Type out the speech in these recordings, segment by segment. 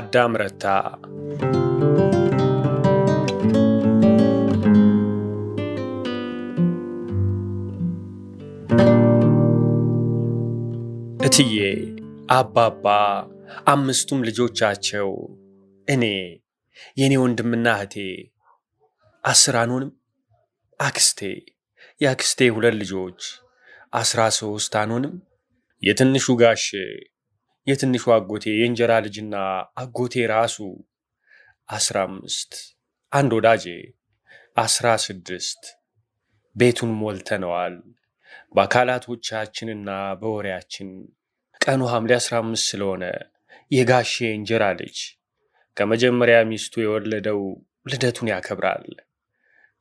አዳም ረታ እትዬ አባባ አምስቱም ልጆቻቸው እኔ የእኔ ወንድምና እህቴ አስር አኖንም አክስቴ የአክስቴ ሁለት ልጆች አስራ ሶስት አኖንም የትንሹ ጋሼ የትንሹ አጎቴ የእንጀራ ልጅና አጎቴ ራሱ አስራ አምስት አንድ ወዳጄ አስራ ስድስት ቤቱን ሞልተነዋል በአካላቶቻችንና በወሬያችን። ቀኑ ሐምሌ አስራ አምስት ስለሆነ የጋሼ እንጀራ ልጅ ከመጀመሪያ ሚስቱ የወለደው ልደቱን ያከብራል።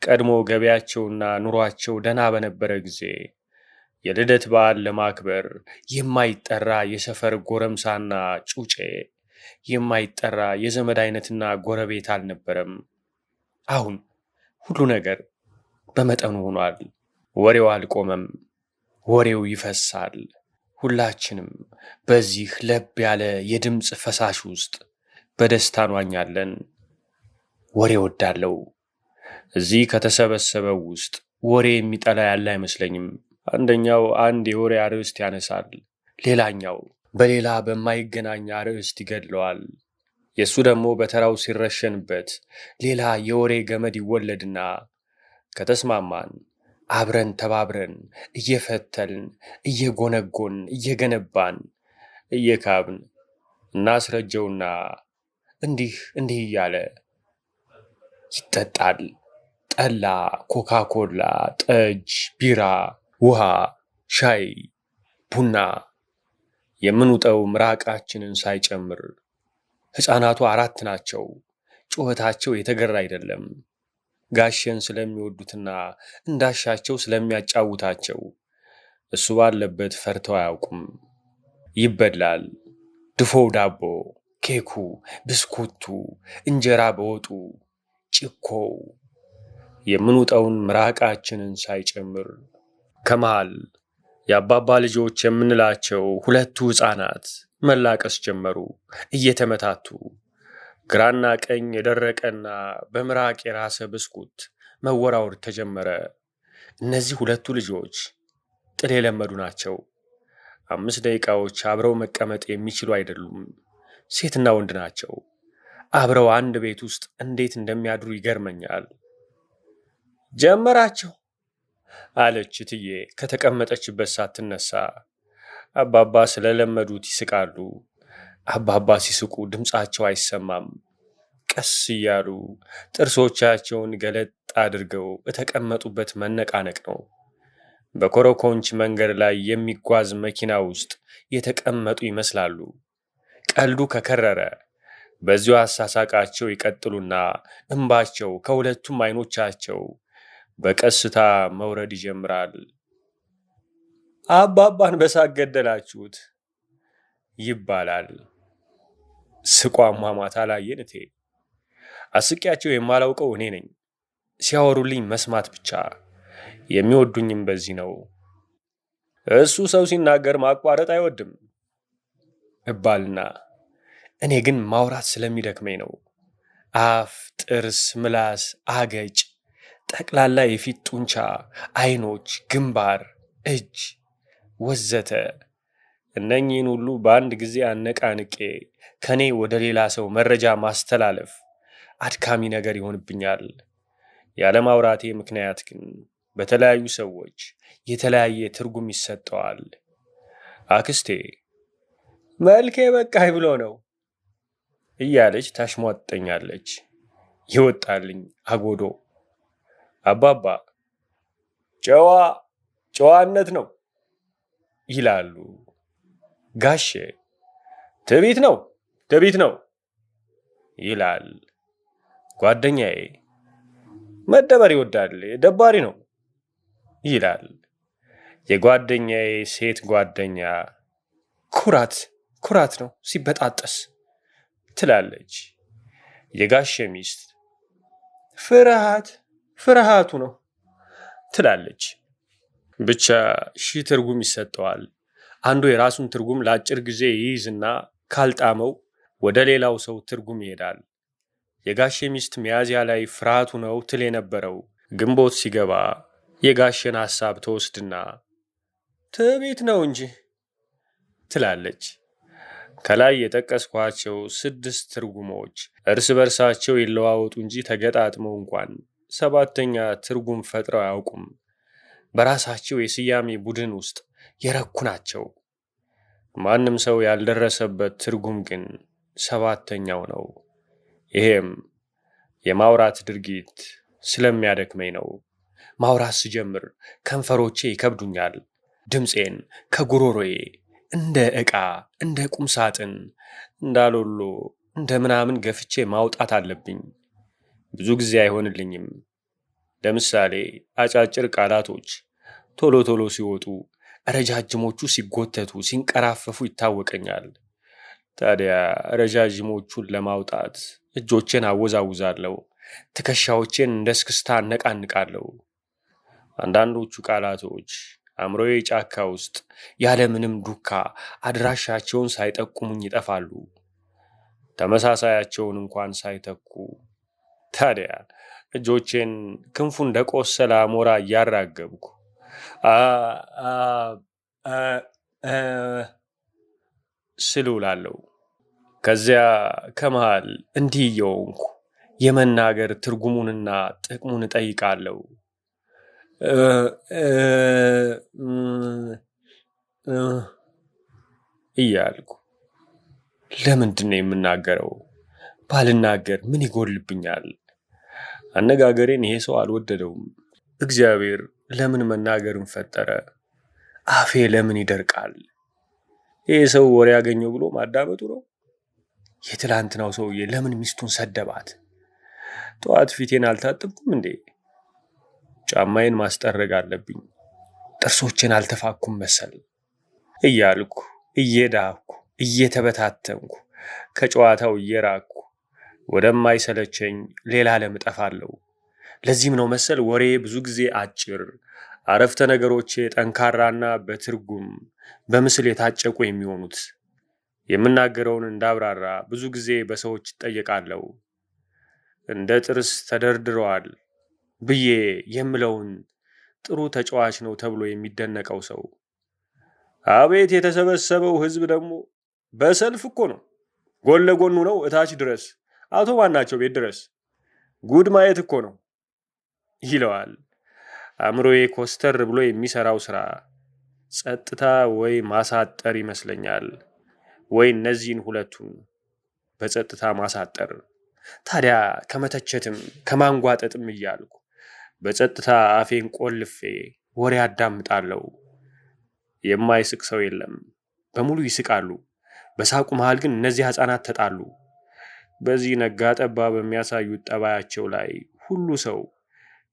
ቀድሞ ገበያቸውና ኑሯቸው ደና በነበረ ጊዜ የልደት በዓል ለማክበር የማይጠራ የሰፈር ጎረምሳና ጩጬ፣ የማይጠራ የዘመድ አይነትና ጎረቤት አልነበረም። አሁን ሁሉ ነገር በመጠኑ ሆኗል። ወሬው አልቆመም። ወሬው ይፈሳል። ሁላችንም በዚህ ለብ ያለ የድምፅ ፈሳሽ ውስጥ በደስታ እንዋኛለን። ወሬ ወዳለው እዚህ ከተሰበሰበው ውስጥ ወሬ የሚጠላ ያለ አይመስለኝም። አንደኛው አንድ የወሬ አርዕስት ያነሳል፣ ሌላኛው በሌላ በማይገናኝ አርዕስት ይገድለዋል። የእሱ ደግሞ በተራው ሲረሸንበት ሌላ የወሬ ገመድ ይወለድና ከተስማማን አብረን ተባብረን እየፈተልን እየጎነጎን እየገነባን እየካብን እናስረጀውና እንዲህ እንዲህ እያለ ይጠጣል። ጠላ፣ ኮካ ኮላ፣ ጠጅ፣ ቢራ ውሃ፣ ሻይ፣ ቡና የምንውጠው ምራቃችንን ሳይጨምር ሕፃናቱ አራት ናቸው። ጩኸታቸው የተገራ አይደለም። ጋሸን ስለሚወዱትና እንዳሻቸው ስለሚያጫውታቸው እሱ ባለበት ፈርተው አያውቁም። ይበላል ድፎው ዳቦ፣ ኬኩ፣ ብስኩቱ፣ እንጀራ በወጡ ጭኮው የምንውጠውን ምራቃችንን ሳይጨምር ከመሃል የአባባ ልጆች የምንላቸው ሁለቱ ሕፃናት መላቀስ ጀመሩ እየተመታቱ። ግራና ቀኝ የደረቀና በምራቅ የራሰ ብስኩት መወራወር ተጀመረ። እነዚህ ሁለቱ ልጆች ጥል የለመዱ ናቸው። አምስት ደቂቃዎች አብረው መቀመጥ የሚችሉ አይደሉም። ሴትና ወንድ ናቸው። አብረው አንድ ቤት ውስጥ እንዴት እንደሚያድሩ ይገርመኛል። ጀመራቸው አለች እትዬ ከተቀመጠችበት ሳትነሳ። አባባ ስለለመዱት ይስቃሉ። አባባ ሲስቁ ድምፃቸው አይሰማም። ቀስ እያሉ ጥርሶቻቸውን ገለጥ አድርገው በተቀመጡበት መነቃነቅ ነው። በኮረኮንች መንገድ ላይ የሚጓዝ መኪና ውስጥ የተቀመጡ ይመስላሉ። ቀልዱ ከከረረ በዚሁ አሳሳቃቸው ይቀጥሉና እምባቸው ከሁለቱም አይኖቻቸው በቀስታ መውረድ ይጀምራል። አባባን በሳቅ ገደላችሁት ይባላል። ስቋማ ማታ ላይ የንቴ አስቂያቸው የማላውቀው እኔ ነኝ። ሲያወሩልኝ መስማት ብቻ የሚወዱኝም በዚህ ነው። እሱ ሰው ሲናገር ማቋረጥ አይወድም እባልና እኔ ግን ማውራት ስለሚደክመኝ ነው። አፍ፣ ጥርስ፣ ምላስ፣ አገጭ ጠቅላላ የፊት ጡንቻ፣ አይኖች፣ ግንባር፣ እጅ ወዘተ እነኚህን ሁሉ በአንድ ጊዜ አነቃንቄ ከኔ ወደ ሌላ ሰው መረጃ ማስተላለፍ አድካሚ ነገር ይሆንብኛል። ያለማውራቴ ምክንያት ግን በተለያዩ ሰዎች የተለያየ ትርጉም ይሰጠዋል። አክስቴ መልኬ በቃይ ብሎ ነው እያለች ታሽሟጠኛለች። ይወጣልኝ አጎዶ አባባ ጨዋ ጨዋነት ነው ይላሉ። ጋሼ ትዕቢት ነው ትዕቢት ነው ይላል። ጓደኛዬ መደበር ይወዳል ደባሪ ነው ይላል። የጓደኛዬ ሴት ጓደኛ ኩራት ኩራት ነው ሲበጣጠስ ትላለች። የጋሼ ሚስት ፍርሃት ፍርሃቱ ነው ትላለች። ብቻ ሺህ ትርጉም ይሰጠዋል። አንዱ የራሱን ትርጉም ለአጭር ጊዜ ይይዝና ካልጣመው ወደ ሌላው ሰው ትርጉም ይሄዳል። የጋሼ ሚስት ሚያዝያ ላይ ፍርሃቱ ነው ትል የነበረው ግንቦት ሲገባ የጋሼን ሐሳብ ተወስድና ትዕቢት ነው እንጂ ትላለች። ከላይ የጠቀስኳቸው ስድስት ትርጉሞች እርስ በርሳቸው ይለዋወጡ እንጂ ተገጣጥመው እንኳን ሰባተኛ ትርጉም ፈጥረው አያውቁም። በራሳቸው የስያሜ ቡድን ውስጥ የረኩ ናቸው። ማንም ሰው ያልደረሰበት ትርጉም ግን ሰባተኛው ነው። ይሄም የማውራት ድርጊት ስለሚያደክመኝ ነው። ማውራት ስጀምር ከንፈሮቼ ይከብዱኛል። ድምፄን ከጉሮሮዬ እንደ ዕቃ እንደ ቁምሳጥን እንዳሎሎ እንደ ምናምን ገፍቼ ማውጣት አለብኝ። ብዙ ጊዜ አይሆንልኝም። ለምሳሌ አጫጭር ቃላቶች ቶሎ ቶሎ ሲወጡ፣ ረጃጅሞቹ ሲጎተቱ፣ ሲንቀራፈፉ ይታወቀኛል። ታዲያ ረዣዥሞቹን ለማውጣት እጆቼን አወዛውዛለሁ፣ ትከሻዎቼን እንደ እስክስታ እነቃንቃለሁ። አንዳንዶቹ ቃላቶች አእምሮዬ ጫካ ውስጥ ያለምንም ዱካ አድራሻቸውን ሳይጠቁሙኝ ይጠፋሉ። ተመሳሳያቸውን እንኳን ሳይተኩ ታዲያ እጆቼን ክንፉ እንደቆሰለ አሞራ እያራገብኩ ስሉላለው? ከዚያ ከመሃል እንዲህ እየወንኩ የመናገር ትርጉሙንና ጥቅሙን እጠይቃለሁ። እያልኩ ለምንድን ነው የምናገረው? ባልናገር ምን ይጎልብኛል? አነጋገሬን ይሄ ሰው አልወደደውም። እግዚአብሔር ለምን መናገርን ፈጠረ? አፌ ለምን ይደርቃል? ይህ ሰው ወሬ ያገኘው ብሎ ማዳመጡ ነው። የትላንትናው ሰውዬ ለምን ሚስቱን ሰደባት? ጠዋት ፊቴን አልታጠብኩም እንዴ? ጫማዬን ማስጠረግ አለብኝ። ጥርሶችን አልተፋኩም መሰል እያልኩ እየዳኩ እየተበታተንኩ ከጨዋታው እየራኩ ወደማይሰለቸኝ ሌላ ዓለም እጠፋለሁ። ለዚህም ነው መሰል ወሬ ብዙ ጊዜ አጭር፣ አረፍተ ነገሮቼ ጠንካራና በትርጉም በምስል የታጨቁ የሚሆኑት። የምናገረውን እንዳብራራ ብዙ ጊዜ በሰዎች እጠየቃለሁ። እንደ ጥርስ ተደርድረዋል ብዬ የምለውን ጥሩ ተጫዋች ነው ተብሎ የሚደነቀው ሰው አቤት! የተሰበሰበው ሕዝብ ደግሞ በሰልፍ እኮ ነው፣ ጎን ለጎኑ ነው፣ እታች ድረስ አቶ ዋናቸው ቤት ድረስ ጉድ ማየት እኮ ነው ይለዋል። አእምሮዬ ኮስተር ብሎ የሚሰራው ስራ ጸጥታ ወይ ማሳጠር ይመስለኛል፣ ወይ እነዚህን ሁለቱን በጸጥታ ማሳጠር። ታዲያ ከመተቸትም ከማንጓጠጥም እያልኩ በጸጥታ አፌን ቆልፌ ወሬ አዳምጣለሁ። የማይስቅ ሰው የለም፣ በሙሉ ይስቃሉ። በሳቁ መሃል ግን እነዚህ ህፃናት ተጣሉ። በዚህ ነጋ ጠባ በሚያሳዩት ጠባያቸው ላይ ሁሉ ሰው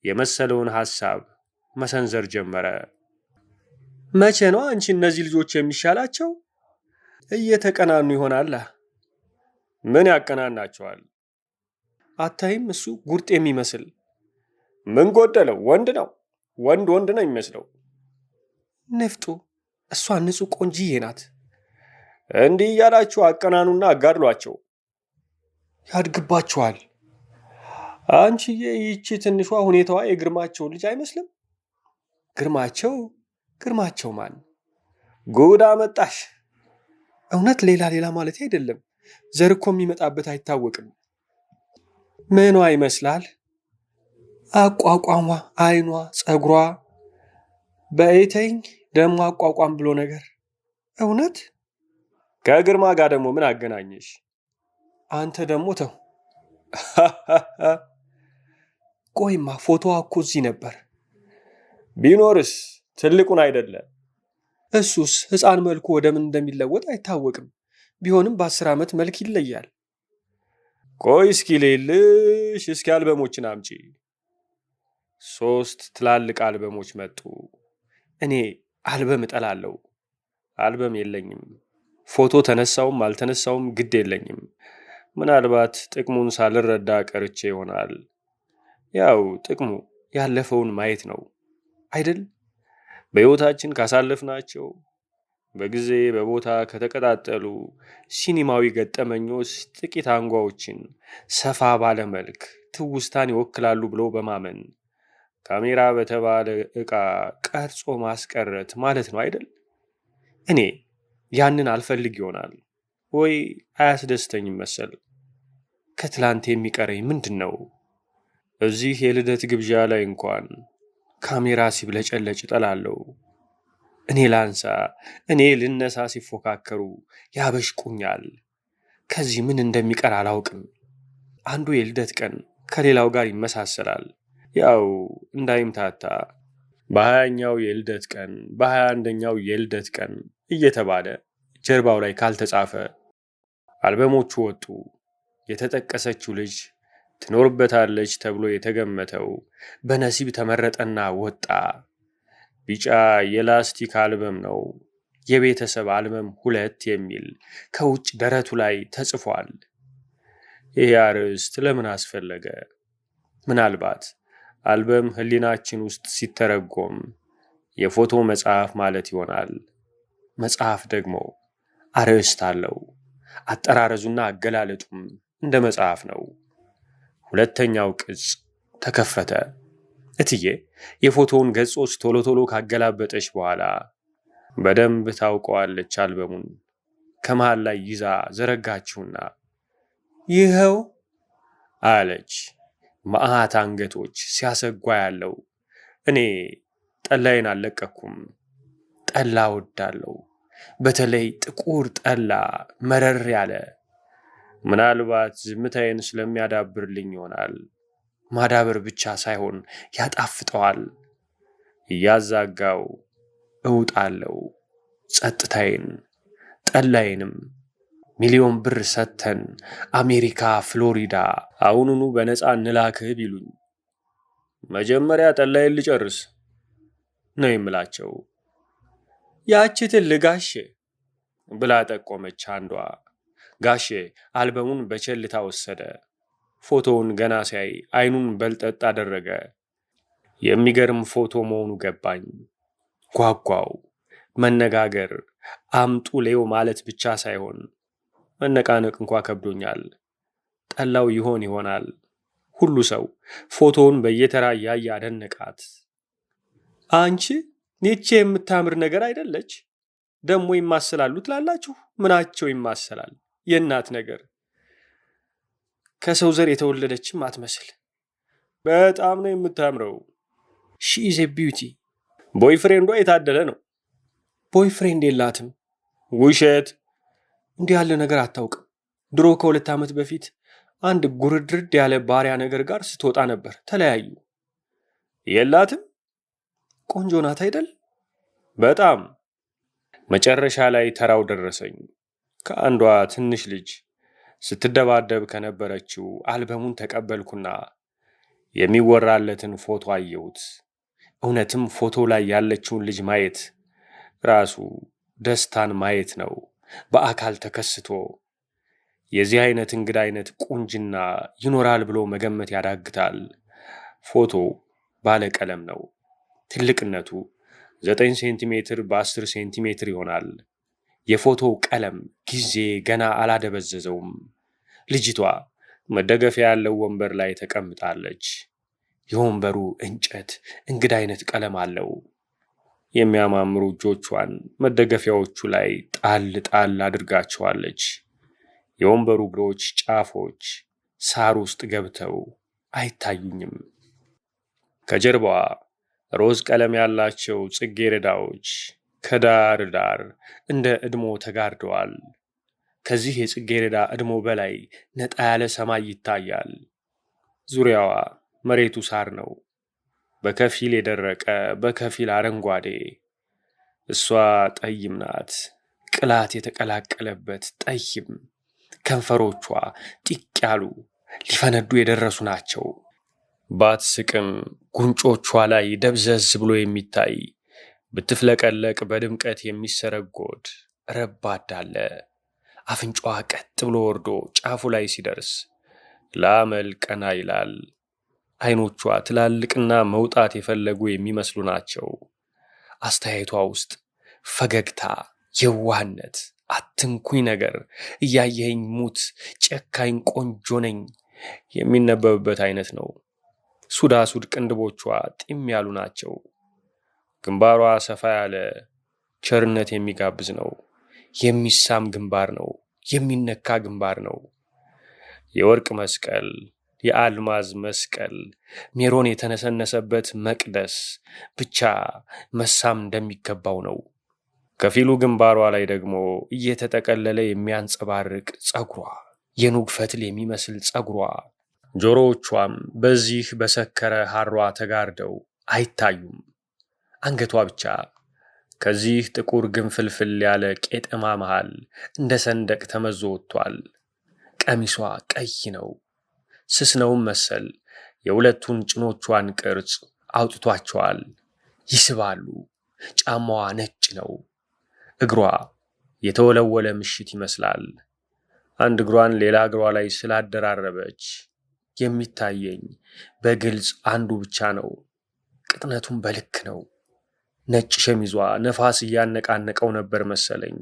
የመሰለውን ሐሳብ መሰንዘር ጀመረ። መቼ ነው አንቺ እነዚህ ልጆች የሚሻላቸው? እየተቀናኑ ይሆናላ። ምን ያቀናናቸዋል? አታይም? እሱ ጉርጥ የሚመስል ምን ጎደለው? ወንድ ነው። ወንድ ወንድ ነው የሚመስለው። ንፍጡ። እሷ ንጹሕ ቆንጂዬ ናት። እንዲህ እያላችሁ አቀናኑና አጋድሏቸው። ያድግባቸዋል አንቺዬ ይቺ ትንሿ ሁኔታዋ የግርማቸው ልጅ አይመስልም? ግርማቸው ግርማቸው ማን ጉድ አመጣሽ! እውነት ሌላ ሌላ ማለት አይደለም። ዘር እኮ የሚመጣበት አይታወቅም። ምኗ ይመስላል? አቋቋሟ፣ አይኗ፣ ጸጉሯ በእተኝ ደግሞ አቋቋም ብሎ ነገር እውነት ከግርማ ጋር ደግሞ ምን አገናኘሽ? አንተ ደግሞ ተው። ቆይማ ፎቶዋ እኮ እዚህ ነበር። ቢኖርስ ትልቁን አይደለም። እሱስ ሕፃን መልኩ ወደ ምን እንደሚለወጥ አይታወቅም። ቢሆንም በአስር ዓመት መልክ ይለያል። ቆይ እስኪ ሌልሽ እስኪ አልበሞችን አምጪ። ሶስት ትላልቅ አልበሞች መጡ። እኔ አልበም እጠላለሁ። አልበም የለኝም። ፎቶ ተነሳውም አልተነሳውም ግድ የለኝም። ምናልባት ጥቅሙን ሳልረዳ ቀርቼ ይሆናል። ያው ጥቅሙ ያለፈውን ማየት ነው አይደል? በሕይወታችን ካሳለፍናቸው በጊዜ በቦታ ከተቀጣጠሉ ሲኒማዊ ገጠመኞች ጥቂት አንጓዎችን ሰፋ ባለ መልክ ትውስታን ይወክላሉ ብሎ በማመን ካሜራ በተባለ ዕቃ ቀርጾ ማስቀረት ማለት ነው አይደል? እኔ ያንን አልፈልግ ይሆናል ወይ አያስደስተኝም መሰል። ከትላንት የሚቀረኝ ምንድን ነው? እዚህ የልደት ግብዣ ላይ እንኳን ካሜራ ሲብለጨለጭ እጠላለሁ። እኔ ላንሳ፣ እኔ ልነሳ ሲፎካከሩ ያበሽቁኛል። ከዚህ ምን እንደሚቀር አላውቅም። አንዱ የልደት ቀን ከሌላው ጋር ይመሳሰላል። ያው እንዳይምታታ በሀያኛው የልደት ቀን በሀያ አንደኛው የልደት ቀን እየተባለ ጀርባው ላይ ካልተጻፈ አልበሞቹ ወጡ። የተጠቀሰችው ልጅ ትኖርበታለች ተብሎ የተገመተው በነሲብ ተመረጠና ወጣ። ቢጫ የላስቲክ አልበም ነው። የቤተሰብ አልበም ሁለት የሚል ከውጭ ደረቱ ላይ ተጽፏል። ይህ አርዕስት ለምን አስፈለገ? ምናልባት አልበም ሕሊናችን ውስጥ ሲተረጎም የፎቶ መጽሐፍ ማለት ይሆናል። መጽሐፍ ደግሞ አርዕስት አለው። አጠራረዙና አገላለጡም እንደ መጽሐፍ ነው። ሁለተኛው ቅጽ ተከፈተ። እትዬ የፎቶውን ገጾች ቶሎ ቶሎ ካገላበጠች በኋላ በደንብ ታውቀዋለች። አልበሙን ከመሃል ላይ ይዛ ዘረጋችሁና ይኸው አለች። መዓት አንገቶች ሲያሰጓ ያለው እኔ ጠላዬን አልለቀኩም። ጠላ ወዳለው፣ በተለይ ጥቁር ጠላ መረር ያለ ምናልባት ዝምታዬን ስለሚያዳብርልኝ ይሆናል። ማዳበር ብቻ ሳይሆን ያጣፍጠዋል። እያዛጋው እውጣለው ጸጥታዬን ጠላዬንም ሚሊዮን ብር ሰጥተን አሜሪካ ፍሎሪዳ አሁኑኑ በነፃ እንላክህ ቢሉኝ መጀመሪያ ጠላዬን ልጨርስ ነው የምላቸው። ያች ትልጋሽ ብላ ጠቆመች አንዷ። ጋሼ አልበሙን በቸልታ ወሰደ። ፎቶውን ገና ሲያይ አይኑን በልጠጥ አደረገ። የሚገርም ፎቶ መሆኑ ገባኝ። ጓጓው። መነጋገር አምጡ ሌው ማለት ብቻ ሳይሆን መነቃነቅ እንኳ ከብዶኛል። ጠላው ይሆን ይሆናል። ሁሉ ሰው ፎቶውን በየተራ እያየ አደነቃት። አንቺ ኔቼ የምታምር ነገር አይደለች ደግሞ ይማሰላሉ ትላላችሁ? ምናቸው ይማሰላል? የእናት ነገር ከሰው ዘር የተወለደችም አትመስል። በጣም ነው የምታምረው። ሺ ቢዩቲ። ቦይፍሬንዷ የታደለ ነው። ቦይፍሬንድ የላትም። ውሸት። እንዲህ ያለ ነገር አታውቅም። ድሮ ከሁለት ዓመት በፊት አንድ ጉርድርድ ያለ ባሪያ ነገር ጋር ስትወጣ ነበር፣ ተለያዩ። የላትም። ቆንጆ ናት አይደል? በጣም መጨረሻ ላይ ተራው ደረሰኝ። ከአንዷ ትንሽ ልጅ ስትደባደብ ከነበረችው አልበሙን ተቀበልኩና የሚወራለትን ፎቶ አየሁት። እውነትም ፎቶ ላይ ያለችውን ልጅ ማየት ራሱ ደስታን ማየት ነው። በአካል ተከስቶ የዚህ አይነት እንግዳ አይነት ቁንጅና ይኖራል ብሎ መገመት ያዳግታል። ፎቶ ባለቀለም ነው። ትልቅነቱ ዘጠኝ ሴንቲሜትር በአስር ሴንቲሜትር ይሆናል። የፎቶው ቀለም ጊዜ ገና አላደበዘዘውም። ልጅቷ መደገፊያ ያለው ወንበር ላይ ተቀምጣለች። የወንበሩ እንጨት እንግዳ አይነት ቀለም አለው። የሚያማምሩ እጆቿን መደገፊያዎቹ ላይ ጣል ጣል አድርጋቸዋለች። የወንበሩ እግሮች ጫፎች ሳር ውስጥ ገብተው አይታዩኝም። ከጀርባዋ ሮዝ ቀለም ያላቸው ጽጌረዳዎች ከዳር ዳር እንደ እድሞ ተጋርደዋል። ከዚህ የጽጌረዳ እድሞ በላይ ነጣ ያለ ሰማይ ይታያል። ዙሪያዋ መሬቱ ሳር ነው፣ በከፊል የደረቀ በከፊል አረንጓዴ። እሷ ጠይም ናት፣ ቅላት የተቀላቀለበት ጠይም። ከንፈሮቿ ጢቅ ያሉ ሊፈነዱ የደረሱ ናቸው። ባትስቅም ጉንጮቿ ላይ ደብዘዝ ብሎ የሚታይ ብትፍለቀለቅ በድምቀት የሚሰረጎድ ረባዳ አለ። አፍንጫዋ ቀጥ ብሎ ወርዶ ጫፉ ላይ ሲደርስ ላመል ቀና ይላል። አይኖቿ ትላልቅና መውጣት የፈለጉ የሚመስሉ ናቸው። አስተያየቷ ውስጥ ፈገግታ፣ የዋህነት፣ አትንኩኝ ነገር፣ እያየኸኝ ሙት፣ ጨካኝ ቆንጆ ነኝ የሚነበብበት አይነት ነው። ሱዳሱድ ቅንድቦቿ ጢም ያሉ ናቸው። ግንባሯ ሰፋ ያለ ቸርነት የሚጋብዝ ነው። የሚሳም ግንባር ነው። የሚነካ ግንባር ነው። የወርቅ መስቀል፣ የአልማዝ መስቀል፣ ሜሮን የተነሰነሰበት መቅደስ ብቻ መሳም እንደሚገባው ነው። ከፊሉ ግንባሯ ላይ ደግሞ እየተጠቀለለ የሚያንጸባርቅ ጸጉሯ፣ የኑግ ፈትል የሚመስል ጸጉሯ፣ ጆሮዎቿም በዚህ በሰከረ ሐሯ ተጋርደው አይታዩም። አንገቷ ብቻ ከዚህ ጥቁር ግንፍልፍል ያለ ቄጠማ መሃል እንደ ሰንደቅ ተመዞ ወጥቷል። ቀሚሷ ቀይ ነው፣ ስስ ነውም መሰል የሁለቱን ጭኖቿን ቅርጽ አውጥቷቸዋል። ይስባሉ። ጫማዋ ነጭ ነው። እግሯ የተወለወለ ምሽት ይመስላል። አንድ እግሯን ሌላ እግሯ ላይ ስላደራረበች የሚታየኝ በግልጽ አንዱ ብቻ ነው። ቅጥነቱም በልክ ነው። ነጭ ሸሚዟ ነፋስ እያነቃነቀው ነበር መሰለኝ።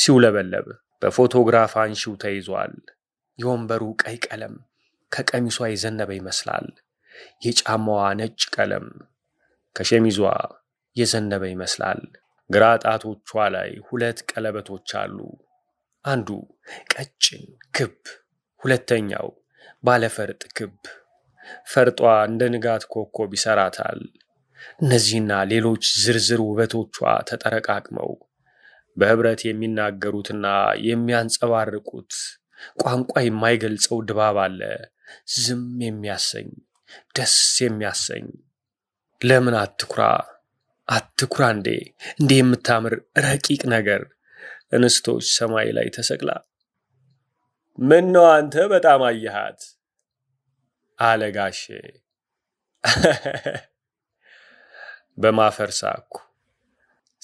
ሲውለበለብ በፎቶግራፍ አንሺው ተይዟል። የወንበሩ ቀይ ቀለም ከቀሚሷ የዘነበ ይመስላል። የጫማዋ ነጭ ቀለም ከሸሚዟ የዘነበ ይመስላል። ግራ ጣቶቿ ላይ ሁለት ቀለበቶች አሉ። አንዱ ቀጭን ክብ፣ ሁለተኛው ባለፈርጥ ክብ። ፈርጧ እንደ ንጋት ኮከብ ይሰራታል። እነዚህና ሌሎች ዝርዝር ውበቶቿ ተጠረቃቅመው በህብረት የሚናገሩትና የሚያንጸባርቁት ቋንቋ የማይገልጸው ድባብ አለ። ዝም የሚያሰኝ ደስ የሚያሰኝ ለምን አትኩራ አትኩራ እንዴ እንዴ የምታምር ረቂቅ ነገር እንስቶች ሰማይ ላይ ተሰቅላ ምን ነው አንተ በጣም አየሃት አለ ጋሼ። በማፈር ሳኩ።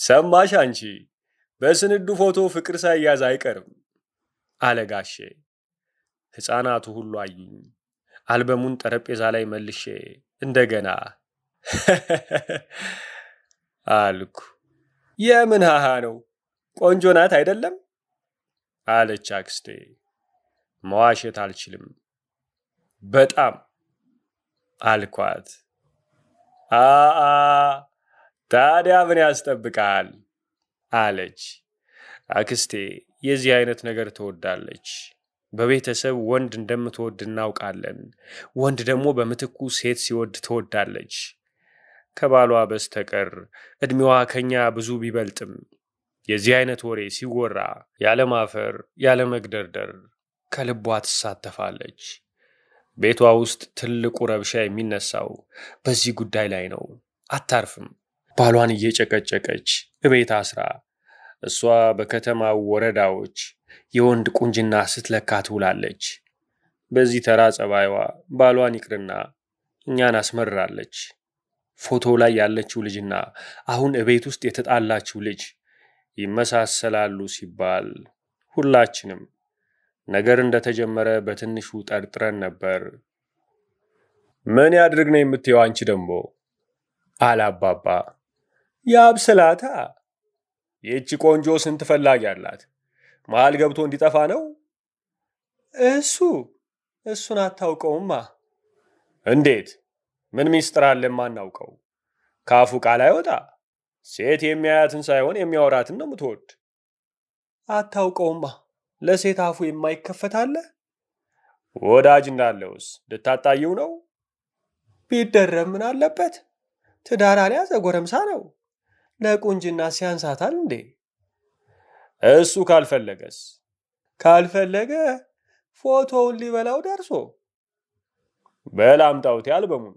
ሰማሽ አንቺ፣ በስንዱ ፎቶ ፍቅር ሳያዝ አይቀርም አለጋሼ። ሕፃናቱ ሁሉ አዩኝ። አልበሙን ጠረጴዛ ላይ መልሼ እንደገና አልኩ። የምን ሃሃ ነው? ቆንጆ ናት አይደለም? አለች አክስቴ። መዋሸት አልችልም በጣም አልኳት። አአ ታዲያ ምን ያስጠብቃል አለች። አክስቴ የዚህ አይነት ነገር ትወዳለች። በቤተሰብ ወንድ እንደምትወድ እናውቃለን። ወንድ ደግሞ በምትኩ ሴት ሲወድ ትወዳለች። ከባሏ በስተቀር እድሜዋ ከኛ ብዙ ቢበልጥም የዚህ አይነት ወሬ ሲወራ ያለማፈር ያለመግደርደር ከልቧ ትሳተፋለች። ቤቷ ውስጥ ትልቁ ረብሻ የሚነሳው በዚህ ጉዳይ ላይ ነው። አታርፍም። ባሏን እየጨቀጨቀች እቤት አስራ እሷ በከተማው ወረዳዎች የወንድ ቁንጅና ስትለካ ትውላለች። በዚህ ተራ ጸባይዋ ባሏን ይቅርና እኛን አስመርራለች። ፎቶ ላይ ያለችው ልጅና አሁን እቤት ውስጥ የተጣላችው ልጅ ይመሳሰላሉ ሲባል ሁላችንም ነገር እንደተጀመረ በትንሹ ጠርጥረን ነበር። ምን ያድርግ ነው የምትየው አንቺ ደንቦ? አለ አባባ። ያብስላታ። ይህቺ ቆንጆ ስንት ፈላጊ አላት? መሀል ገብቶ እንዲጠፋ ነው? እሱ እሱን አታውቀውማ። እንዴት? ምን ሚስጥር አለ የማናውቀው? ካፉ ቃል አይወጣ። ሴት የሚያያትን ሳይሆን የሚያወራትን ነው ምትወድ። አታውቀውማ ለሴት አፉ የማይከፈት አለ? ወዳጅ እንዳለውስ ልታጣየው ነው? ቢደረብ ምን አለበት? ትዳር አልያዘ ጎረምሳ ነው። ለቁንጅና ሲያንሳታል እንዴ? እሱ ካልፈለገስ? ካልፈለገ ፎቶውን ሊበላው ደርሶ በላምጣውት አልበሙን።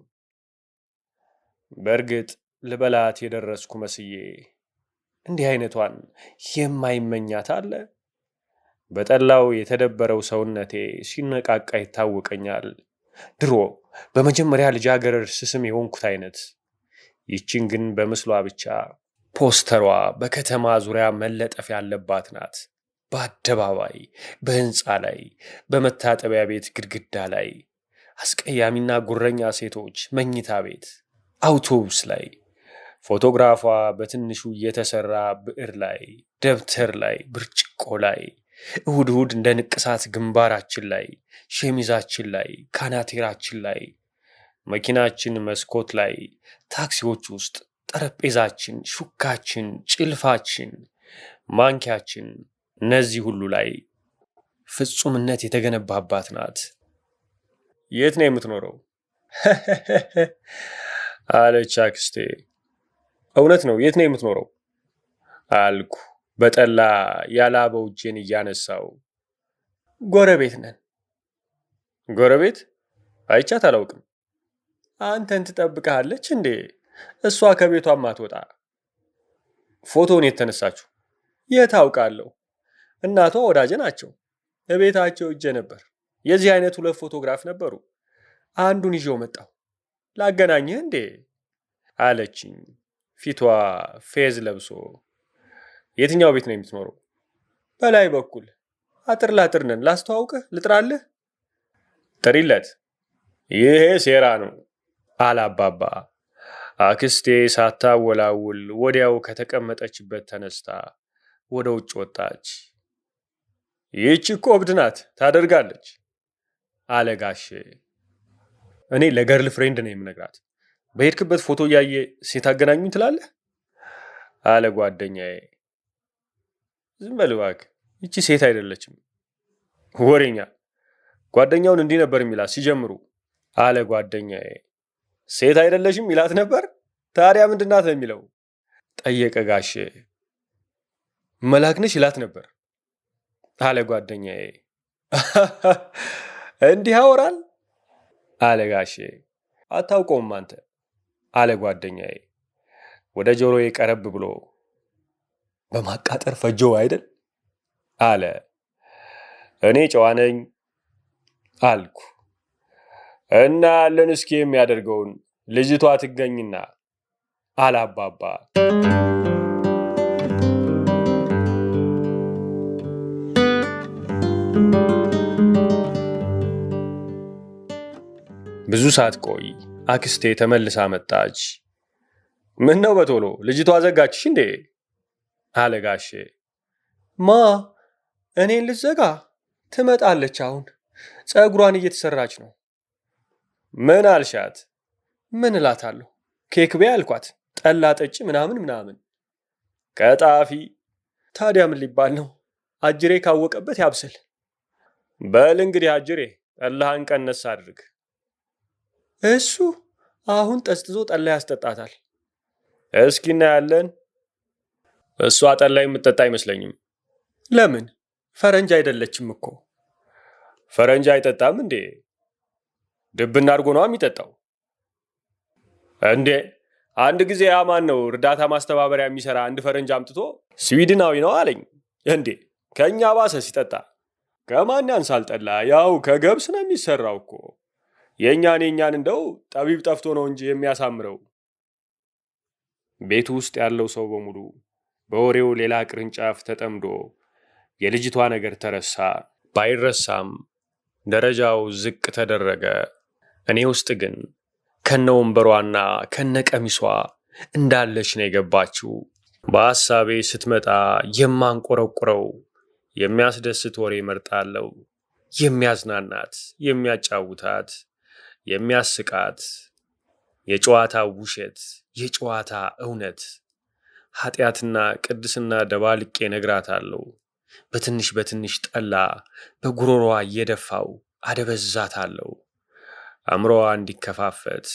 በእርግጥ ልበላት የደረስኩ መስዬ እንዲህ አይነቷን የማይመኛት አለ። በጠላው የተደበረው ሰውነቴ ሲነቃቃ ይታወቀኛል። ድሮ በመጀመሪያ ልጃገረድ ስስም የሆንኩት አይነት፣ ይቺን ግን በምስሏ ብቻ ፖስተሯ በከተማ ዙሪያ መለጠፍ ያለባት ናት። በአደባባይ፣ በህንፃ ላይ፣ በመታጠቢያ ቤት ግድግዳ ላይ፣ አስቀያሚና ጉረኛ ሴቶች መኝታ ቤት፣ አውቶቡስ ላይ፣ ፎቶግራፏ በትንሹ የተሰራ ብዕር ላይ፣ ደብተር ላይ፣ ብርጭቆ ላይ እሁድ እሁድ እንደ ንቅሳት ግንባራችን ላይ፣ ሸሚዛችን ላይ፣ ካናቴራችን ላይ፣ መኪናችን መስኮት ላይ፣ ታክሲዎች ውስጥ፣ ጠረጴዛችን፣ ሹካችን፣ ጭልፋችን፣ ማንኪያችን እነዚህ ሁሉ ላይ ፍጹምነት የተገነባባት ናት። የት ነው የምትኖረው? አለች አክስቴ። እውነት ነው። የት ነው የምትኖረው? አልኩ። በጠላ ያላበው እጄን እያነሳው ጎረቤት ነን። ጎረቤት አይቻት አላውቅም። አንተን ትጠብቀሃለች እንዴ? እሷ ከቤቷ ማትወጣ ፎቶውን የተነሳችሁ የታውቃለሁ። እናቷ ወዳጄ ናቸው። እቤታቸው እጄ ነበር። የዚህ አይነት ሁለት ፎቶግራፍ ነበሩ። አንዱን ይዤው መጣሁ። ላገናኝህ እንዴ አለችኝ ፊቷ ፌዝ ለብሶ የትኛው ቤት ነው የምትኖረው? በላይ በኩል አጥር ላጥር ነን። ላስተዋውቅህ፣ ልጥራልህ። ጥሪለት። ይሄ ሴራ ነው አላባባ። አክስቴ ሳታወላውል ወዲያው ከተቀመጠችበት ተነስታ ወደ ውጭ ወጣች። ይህች እኮ እብድ ናት ታደርጋለች አለ ጋሼ። እኔ ለገርል ፍሬንድ ነው የምነግራት። በሄድክበት ፎቶ እያየ ሴት አገናኙኝ ትላለህ አለ ጓደኛዬ። ዝም በል እባክህ፣ ይቺ ሴት አይደለችም። ወሬኛ ጓደኛውን እንዲህ ነበር የሚላት ሲጀምሩ አለ ጓደኛዬ። ሴት አይደለሽም ይላት ነበር። ታዲያ ምንድናት ነው የሚለው? ጠየቀ ጋሼ። መላክ ነሽ ይላት ነበር አለ ጓደኛዬ። እንዲህ አወራል አለ ጋሼ። አታውቀውም አንተ አለ ጓደኛዬ ወደ ጆሮዬ ቀረብ ብሎ በማቃጠር ፈጀው አይደል አለ። እኔ ጨዋ ነኝ አልኩ እና ያለን እስኪ የሚያደርገውን ልጅቷ ትገኝና አላባባ ብዙ ሰዓት ቆይ አክስቴ ተመልሳ መጣች። ምን ነው በቶሎ ልጅቷ ዘጋችሽ እንዴ? አለ ጋሼ። ማ እኔን ልዘጋ? ትመጣለች። አሁን ፀጉሯን እየተሰራች ነው። ምን አልሻት? ምን እላታለሁ? ኬክ ቤ አልኳት። ጠላ ጠጪ፣ ምናምን ምናምን። ከጣፊ ታዲያ ምን ሊባል ነው? አጅሬ ካወቀበት ያብስል። በል እንግዲህ አጅሬ ጠላህን ቀነስ አድርግ። እሱ አሁን ጠስጥዞ ጠላ ያስጠጣታል። እስኪ እናያለን። እሷ ጠላ የምትጠጣ አይመስለኝም። ለምን? ፈረንጅ አይደለችም እኮ። ፈረንጅ አይጠጣም እንዴ? ድብና አድርጎ ነው የሚጠጣው። እንዴ አንድ ጊዜ ያ ነው እርዳታ ማስተባበሪያ የሚሰራ አንድ ፈረንጅ አምጥቶ ስዊድናዊ ነው አለኝ። እንዴ ከእኛ ባሰ ሲጠጣ። ከማን ያንሳል ጠላ? ያው ከገብስ ነው የሚሰራው እኮ። የእኛን የእኛን እንደው ጠቢብ ጠፍቶ ነው እንጂ የሚያሳምረው። ቤቱ ውስጥ ያለው ሰው በሙሉ በወሬው ሌላ ቅርንጫፍ ተጠምዶ የልጅቷ ነገር ተረሳ። ባይረሳም ደረጃው ዝቅ ተደረገ። እኔ ውስጥ ግን ከነ ወንበሯና ከነ ቀሚሷ እንዳለች ነው የገባችው። በሐሳቤ ስትመጣ የማንቆረቁረው የሚያስደስት ወሬ መርጣለው። የሚያዝናናት፣ የሚያጫውታት፣ የሚያስቃት የጨዋታ ውሸት፣ የጨዋታ እውነት ኃጢአትና ቅድስና ደባልቄ ነግራታለሁ። በትንሽ በትንሽ ጠላ በጉሮሯ እየደፋው አደበዛታለሁ። አእምሮዋ እንዲከፋፈት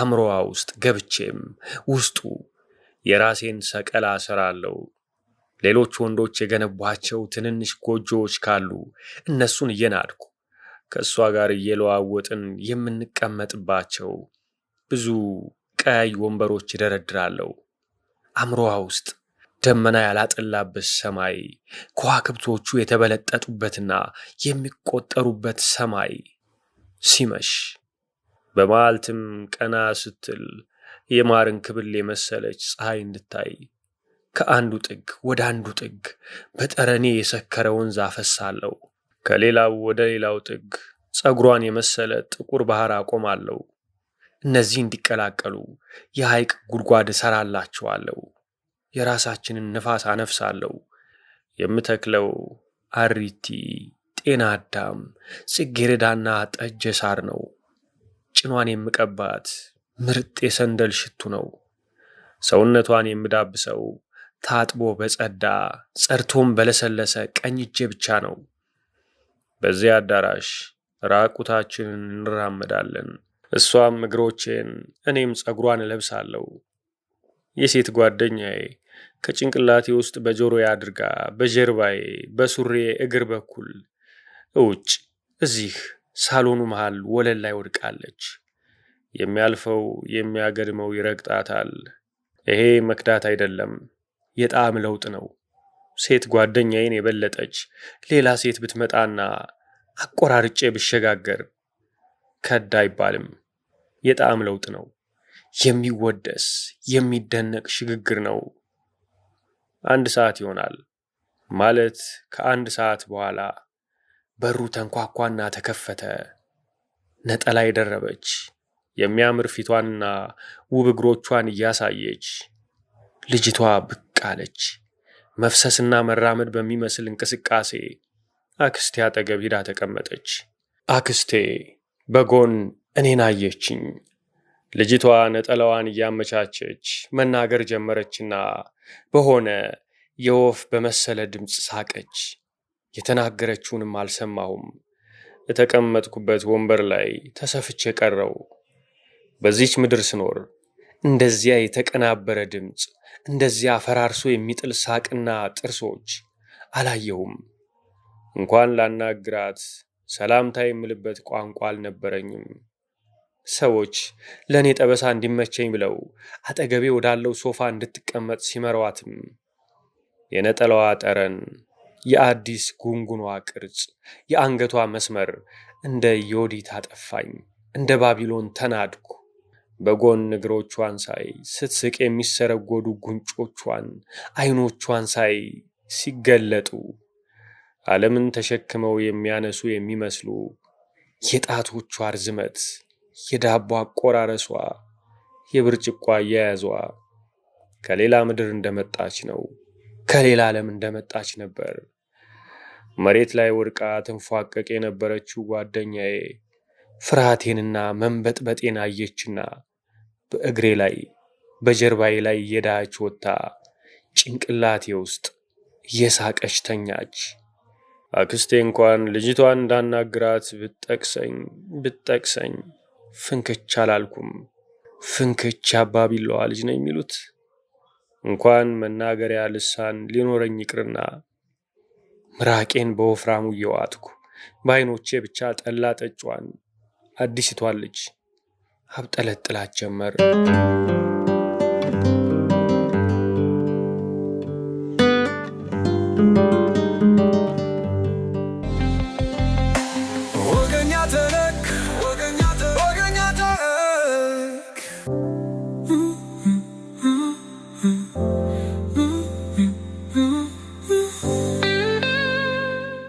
አእምሮዋ ውስጥ ገብቼም ውስጡ የራሴን ሰቀላ እሰራለሁ። ሌሎች ወንዶች የገነቧቸው ትንንሽ ጎጆዎች ካሉ እነሱን እየናድኩ ከእሷ ጋር እየለዋወጥን የምንቀመጥባቸው ብዙ ቀያይ ወንበሮች እደረድራለሁ። አእምሮዋ ውስጥ ደመና ያላጠላበት ሰማይ፣ ከዋክብቶቹ የተበለጠጡበትና የሚቆጠሩበት ሰማይ ሲመሽ በመዓልትም ቀና ስትል የማርን ክብል የመሰለች ፀሐይ እንድታይ ከአንዱ ጥግ ወደ አንዱ ጥግ በጠረኔ የሰከረ ወንዝ አፈሳለሁ። ከሌላው ወደ ሌላው ጥግ ጸጉሯን የመሰለ ጥቁር ባህር አቆማለሁ። እነዚህ እንዲቀላቀሉ የሐይቅ ጉድጓድ እሰራላችኋለሁ፣ የራሳችንን ነፋስ አነፍሳለሁ፣ የምተክለው አሪቲ፣ ጤና አዳም፣ ጽጌረዳና ጠጀ ሳር ነው። ጭኗን የምቀባት ምርጥ የሰንደል ሽቱ ነው። ሰውነቷን የምዳብሰው ታጥቦ በጸዳ ጸርቶም በለሰለሰ ቀኝ እጄ ብቻ ነው። በዚያ አዳራሽ ራቁታችንን እንራመዳለን። እሷም እግሮቼን እኔም ጸጉሯን እለብሳለሁ። የሴት ጓደኛዬ ከጭንቅላቴ ውስጥ በጆሮዬ አድርጋ በጀርባዬ በሱሬ እግር በኩል እውጭ እዚህ ሳሎኑ መሃል ወለል ላይ ወድቃለች። የሚያልፈው የሚያገድመው ይረግጣታል። ይሄ መክዳት አይደለም፣ የጣዕም ለውጥ ነው። ሴት ጓደኛዬን የበለጠች ሌላ ሴት ብትመጣና አቆራርጬ ብሸጋገር ከዳ አይባልም። የጣዕም ለውጥ ነው። የሚወደስ የሚደነቅ ሽግግር ነው። አንድ ሰዓት ይሆናል ማለት ከአንድ ሰዓት በኋላ በሩ ተንኳኳና ተከፈተ። ነጠላ የደረበች የሚያምር ፊቷንና ውብ እግሮቿን እያሳየች ልጅቷ ብቅ አለች። መፍሰስና መራመድ በሚመስል እንቅስቃሴ አክስቴ አጠገብ ሂዳ ተቀመጠች። አክስቴ በጎን እኔን አየችኝ። ልጅቷ ነጠላዋን እያመቻቸች መናገር ጀመረችና በሆነ የወፍ በመሰለ ድምፅ ሳቀች። የተናገረችውንም አልሰማሁም። የተቀመጥኩበት ወንበር ላይ ተሰፍቼ ቀረው። በዚች ምድር ስኖር እንደዚያ የተቀናበረ ድምፅ፣ እንደዚያ ፈራርሶ የሚጥል ሳቅና ጥርሶች አላየሁም። እንኳን ላናግራት ሰላምታ የምልበት ቋንቋ አልነበረኝም። ሰዎች ለእኔ ጠበሳ እንዲመቸኝ ብለው አጠገቤ ወዳለው ሶፋ እንድትቀመጥ ሲመረዋትም የነጠላዋ ጠረን፣ የአዲስ ጉንጉኗ ቅርጽ፣ የአንገቷ መስመር እንደ ዮዲት አጠፋኝ። እንደ ባቢሎን ተናድኩ። በጎን እግሮቿን ሳይ ስትስቅ የሚሰረጎዱ ጉንጮቿን፣ አይኖቿን ሳይ ሲገለጡ ዓለምን ተሸክመው የሚያነሱ የሚመስሉ የጣቶቿ ርዝመት፣ የዳቦ አቆራረሷ፣ የብርጭቋ አያያዟ ከሌላ ምድር እንደመጣች ነው። ከሌላ ዓለም እንደመጣች ነበር። መሬት ላይ ወድቃ ትንፏቀቅ የነበረችው ጓደኛዬ ፍርሃቴንና መንበጥበጤን አየችና በእግሬ ላይ በጀርባዬ ላይ እየዳች ወጥታ ጭንቅላቴ ውስጥ የሳቀሽ ተኛች። አክስቴ እንኳን ልጅቷን እንዳናግራት ብጠቅሰኝ ብትጠቅሰኝ ፍንክች አላልኩም። ፍንክች አባቢለዋ ልጅ ነው የሚሉት። እንኳን መናገሪያ ልሳን ሊኖረኝ ይቅርና ምራቄን በወፍራሙ እየዋጥኩ በአይኖቼ ብቻ ጠላ ጠጯን አዲስቷን ልጅ አብጠለጥላት ጀመር።